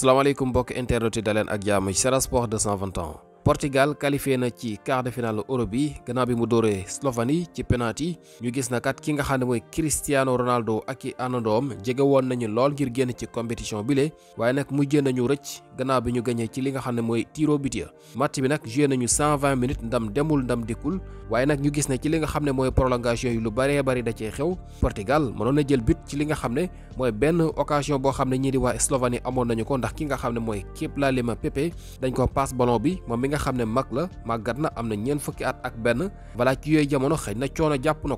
salaamaaleykum mbokk internet yi daleen ak jàmm ci Sen Sport 221 Portugal qualifié na ci quart de finale euro bi gannaaw bi mu dóoree Slovanie ci penalty ñu gis na kat ki nga xam ne mooy Cristiano Ronaldo ak i àndandoom jege woon nañu lool ngir génn ci compétition bile waaye nag mujjee nañu rëcc gannaaw bi ñu gañee ci li nga xam ne mooy tiro but ya match bi nag joué nañu 120 minutes ndam demul ndam dikkul waaye nag ñu gis ne ci li nga xam ne mooy prolongation yi lu bëree bëri da cee xew Portugal mënoon na jël but ci li nga xam ne mooy benn occasion boo xam ne ñii di waa Slovanie amoon nañu ko ndax ki nga xam ne mooy Kepalema Pepe dañ ko passe ballon bi nga xamne mag la magat na amna ñeen fukki at ak ben wala ci yoy jamono xëy na coono jàpp na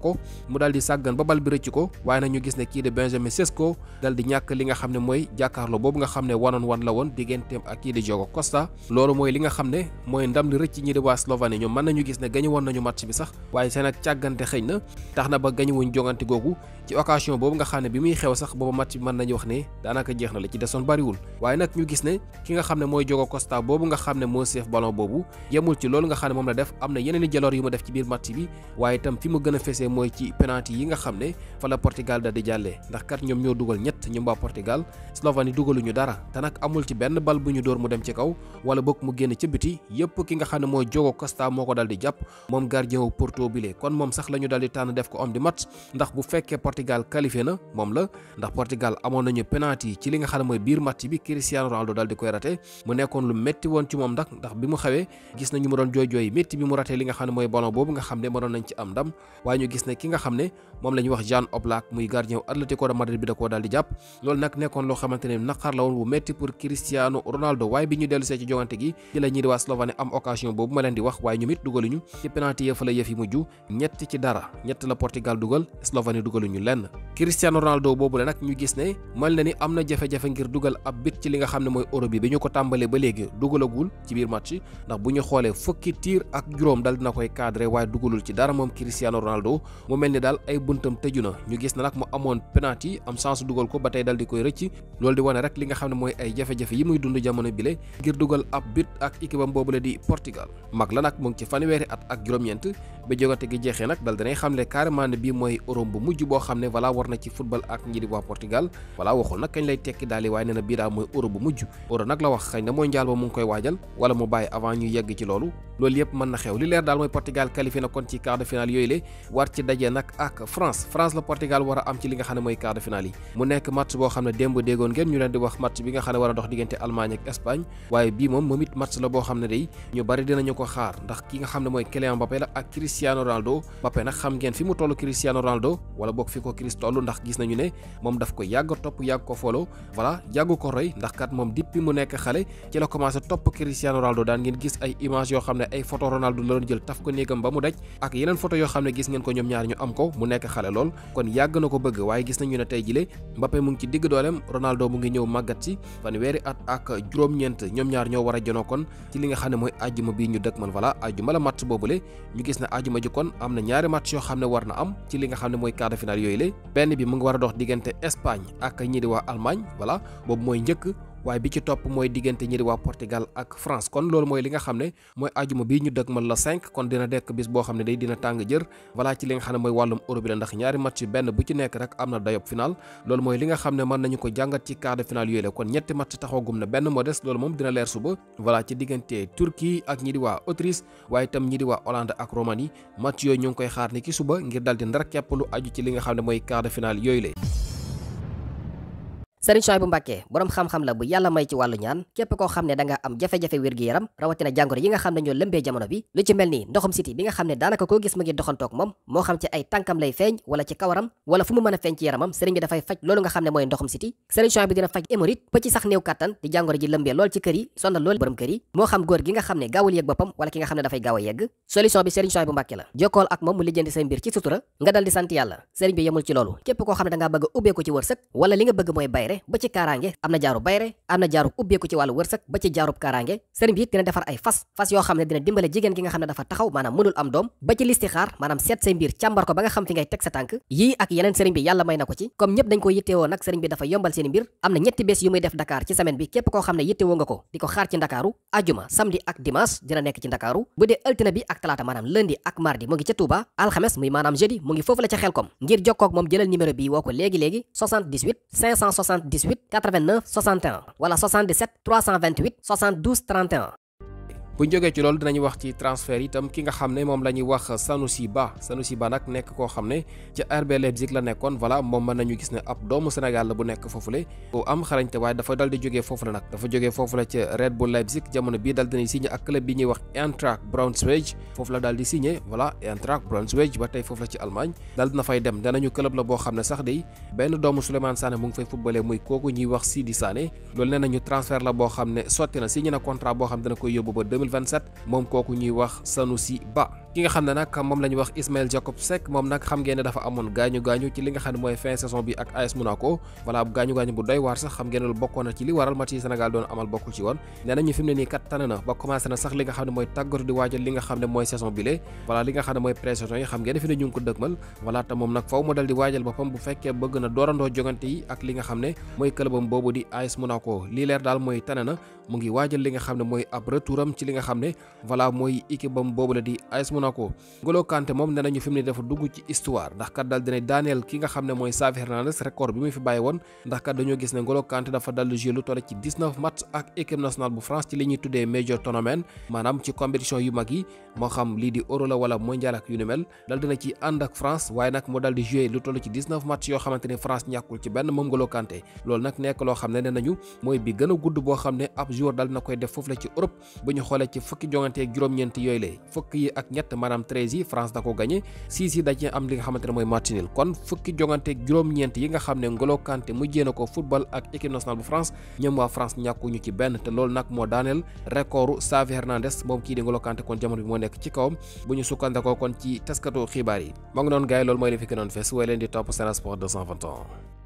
mu daldi saggan ba bal bi recc ko ñu gis ne ki de benjamin sesco dal ñak li nga xamne moy jakarlo bobu nga xamne ne wan la won digentem ak ki de jogo costa lolu moy li nga xamne moy ndam li recc ñi di waa slovanie ñoom mën nañu gis ne gañu won nañu match bi sax waaye sen ak càggante xëy na tax ba gañu won jogante gogu ci occasion bobu nga xamne bi muy xew sax bobu match man mën nañu wax ne danaka jeex na la ci bari wul waaye nak ñu gis ne ki nga xamne moy jogo costa bobu nga xamne mo ballon boobu yemul ci loolu nga xam ne moom la def am na yeneen i jaloor yu mu def ci biir match bi waaye itam fi mu gën a fesee mooy ci penalty yi nga xam ne fa la Portugal da di jàllee ndax kat ñoom ñoo dugal ñett ñoom waa Portugal Slovénie dugaluñu dara te nag amul ci benn bal bu ñu dóor mu dem ci kaw wala bokk mu génn ca biti yëpp ki nga xam ne mooy Diogo Costa moo ko dal di jàpp moom gardien wu Porto bile kon moom sax la ñu dal di tànn def ko homme du match ndax bu fekkee Portugal qualifié na moom la ndax Portugal amoon nañu penalty ci li nga ne mooy biir match bi Cristiano Ronaldo dal di koy boobee gis nañu mu doon jooy jooy métti bi mu ratee li nga xam ne mooy ballon boobu nga xam ne mënoon nañ ci am ndam waaye ñu gis ne ki nga xam ne moom la wax Jean Oblak muy gardien wu Atlético Madrid bi da koo daal jàpp loolu nag nekkoon loo xamante ne naqar la woon bu métti pour Cristiano Ronaldo waaye bi ñu dellu ci jogante gi ci la waa Slovanie am occasion boobu ma leen di wax waaye ñu mit dugaluñu ci penalty ya la yëf yi li nga xam ne mooy euro bi ba léegi dugalagul ci biir match ndax bu ñu xoolee fukki tiir ak juróom dal dina koy cadré waaye dugalul ci dara moom Cristiano Ronaldo mu mel ni daal ay buntam tëju na ñu gis na nag mu amoon penalty am chance dugal ko ba tey dal di koy rëcc loolu di wane rek li nga xam ne mooy ay jafe-jafe yi muy dund jamono bile ngir dugal ab but ak équipe am boobule di Portugal mag la nag mu ngi ci fanweeri at ak juróom-ñeent ba jogante gi jeexee nag dal dinay xam ne carrément ne bii mooy Europe bu muj boo xam ne voilà war na ci football ak nji di waa Portugal voilà waxul nag kañ lay tekki daal di waaye nee na bii daal mooy Europe bu mujj Europe wax xëy na mooy mu ngi koy waajal wala mu bàyyi avant avant ñu yegg ci loolu loolu yépp mën na xew li leer daal mooy Portugal qualifié na kon ci quart de finale yooyu le war ci daje nag ak France France la Portugal wara a am ci li nga xam ne quart de finale yi mu nekk match boo xam ne démb déggoon ngeen ñu leen di wax match bi nga xam ne war a dox diggante Allemagne ak Espagne waaye bii moom momit match la boo xam ne day ñu bari dinañu ko xaar ndax ki nga xam ne mooy Kylian Mbappé la ak Cristiano Ronaldo Mbappé nag xam ngeen fi mu tollu Cristiano Ronaldo wala bokk fi ko Cristiano toll ndax gis nañu ne moom daf ko yàgg topp yàgg ko follow voilà yàgg ko roy ndax kat mom dippi mu nekk xale ci la commencé topp Cristiano Ronaldo daan ngeen gis ay image yo xamne ay photo Ronaldo la doon jël taf ko negam ba mu daj ak yenen photo yo xamne gis ngeen ko ñom ñaar ñu am ko mu nekk xalé lol kon yag na ko bëgg waye gis nañu ne tay jilé Mbappé mu ngi ci digg dolem Ronaldo mu ngi ñew magat ci wéri at ak juroom ñent ñom ñaar ño wara jëno kon ci li nga xamne moy aljuma bi ñu dëkk man wala aljuma la match bobulé ñu gis na aljuma ji kon amna ñaari match yo xamne warna am ci li nga xamne moy quart de finale yoy lé benn bi mu ngi wara dox digënté Espagne ak ñi di wa Allemagne wala bobu moy way bi ci top moy digënté ñi di Portugal ak France kon lool moy li nga xamné moy aljuma bi ñu dëgmal la 5 kon dina dekk bis bo xamné day dina tang jër wala ci li nga xamné moy walum Europe la ndax ñaari match ben bu ci nekk rek amna dayop final lool moy li nga xamné man nañu ko jangat ci quart de final yooyu kon ñetti match taxogum na ben mo dess lool mom dina leer suba wala ci digënté Turquie ak ñi di waa Autriche way tam ñi di Hollande ak Roumanie match yo ñu ngi koy xaar ni ki suba ngir dal di ndar képp lu aju ci li nga xamné moy quart de final yooyu Serigne Souhaibou Mbacké borom xam-xam la bu Yalla may ci walu ñaan képp ko da danga am jafe-jafe wér-gi-yaram rawatina jàngoro yi nga xam ñoo jamono bi lu ci melni ni ndoxum city bi nga xam ne daanaka gis ma ngi doxantoog mom mo xam ci ay tankam lay feñ wala ci kawaram wala fu mu mëna feñ ci yaramam serigne bi fay fajj lolu nga xam moy ndoxum city Serigne Souhaibou dina fajj ba ci sax new katan di jàngoro ji lembé lool ci kër yi sonal lool borom kër yi mo xam góor gi nga xam ne yegg wala ki nga xam da fay gawa yegg solution bi Serigne Mbacké la jokol ak mom mu lijjanti mbir ci sutura nga dal di sant yàlla sëriñ bi yamul ci lolu képp ko da danga bëgg ko ci wërsekk wala li nga bëgg moy bay bayre ba ci kaaraange am na jaarub bayre am na jaarub ubbeeku ci wàllu wërsëg ba ci jaarub kaaraange sëriñ bi dina defar ay fas fas yoo xam ne dina dimbale jigéen gi nga xam ne dafa taxaw maanaam mënul am doom ba ci listixaar maanaam seet say mbir càmbar ko ba nga xam fi ngay teg sa tànk yii ak yeneen sëriñ bi yàlla may na ko ci comme ñëpp dañ ko yittewoo nag sëriñ bi dafa yombal seen mbir am na ñetti bés yu muy def Dakar ci semaine bi képp ko di 78 89 61 Voilà 77 328 72 31 bu ñu jógee ci loolu dinañu wax ci transfert itam ki nga xam ne moom la ñuy wax Sanusi Ba Sanusi Ba nag nekk koo xam ne ci RB Leipzig la nekkoon voilà moom mën nañu gis ne ab doomu Sénégal la bu nekk foofule bu am xarañte waaye dafa dal di jógee foofu la nag dafa jógee foofu la ca Red Bull Leipzig jamono bii dal dinañ signé ak club bi ñuy wax Eintracht Braunschweig foofu la daal di signé voilà Eintracht Braunschweig ba tey foofu la ci Allemagne dal dina fay dem danañu xam ne sax day benn doomu Souleymane Sané mu ngi fay footballé muy kooku ñuy 2027 moom kooku ñuy wax sanu si Ba ki nga xam ne nag moom la wax Ismail Jacob Seck moom nag xam ngeen dafa amoon gaañu gaañu bu doy waar sax xam ngeen ne bokkoon na ci li nga xam ne mooy tàggatu di waajal li nga xam ne mooy saison bi lee voilà li nga xam ne mooy pré-saison yi xam ngeen mooy këlëbam boobu di AS Monaco Monaco N'Golo Kanté moom nee nañu fi mu dafa dugg ci histoire ndax kat daal dina daaneel ki nga xam ne mooy Xavi Hernandez record bi mu fi bàyyi woon ndax kat dañoo gis ne N'Golo Kanté dafa dal jouer lu toll ci match moo xam lii di Euro la wala mondial ak yu ni mel yoo xamante ne France ñàkkul ci benn moom N'Golo Kanté loolu nag nekk loo xam ne nee nañu mooy bi gën gudd boo xam ne ab joueur dal na koy def foofu la ci Europe bu ñu xoolee ci fukki jongante juróom-ñeent yooyu la fukk yi ak te maanaam 13 yi France da ko gagné 6 yi am li nga xamante ne mooy match nul kon fukki jongante juróom-ñeent yi nga xam ne Ngolo Kanté mujjee na ko football ak équipe nationale bu France ñoom waa France ñàkkuñu ci benn te lool nag moo daaneel recordu Xavi Hernandez moom kii di Ngolo kon jamono bi moo nekk ci kawam bu ñu sukkandikoo kon ci taskatu xibaar yi moo ngi noonu gars yi loolu mooy li fi gënoon fees way leen di topp Sen Sports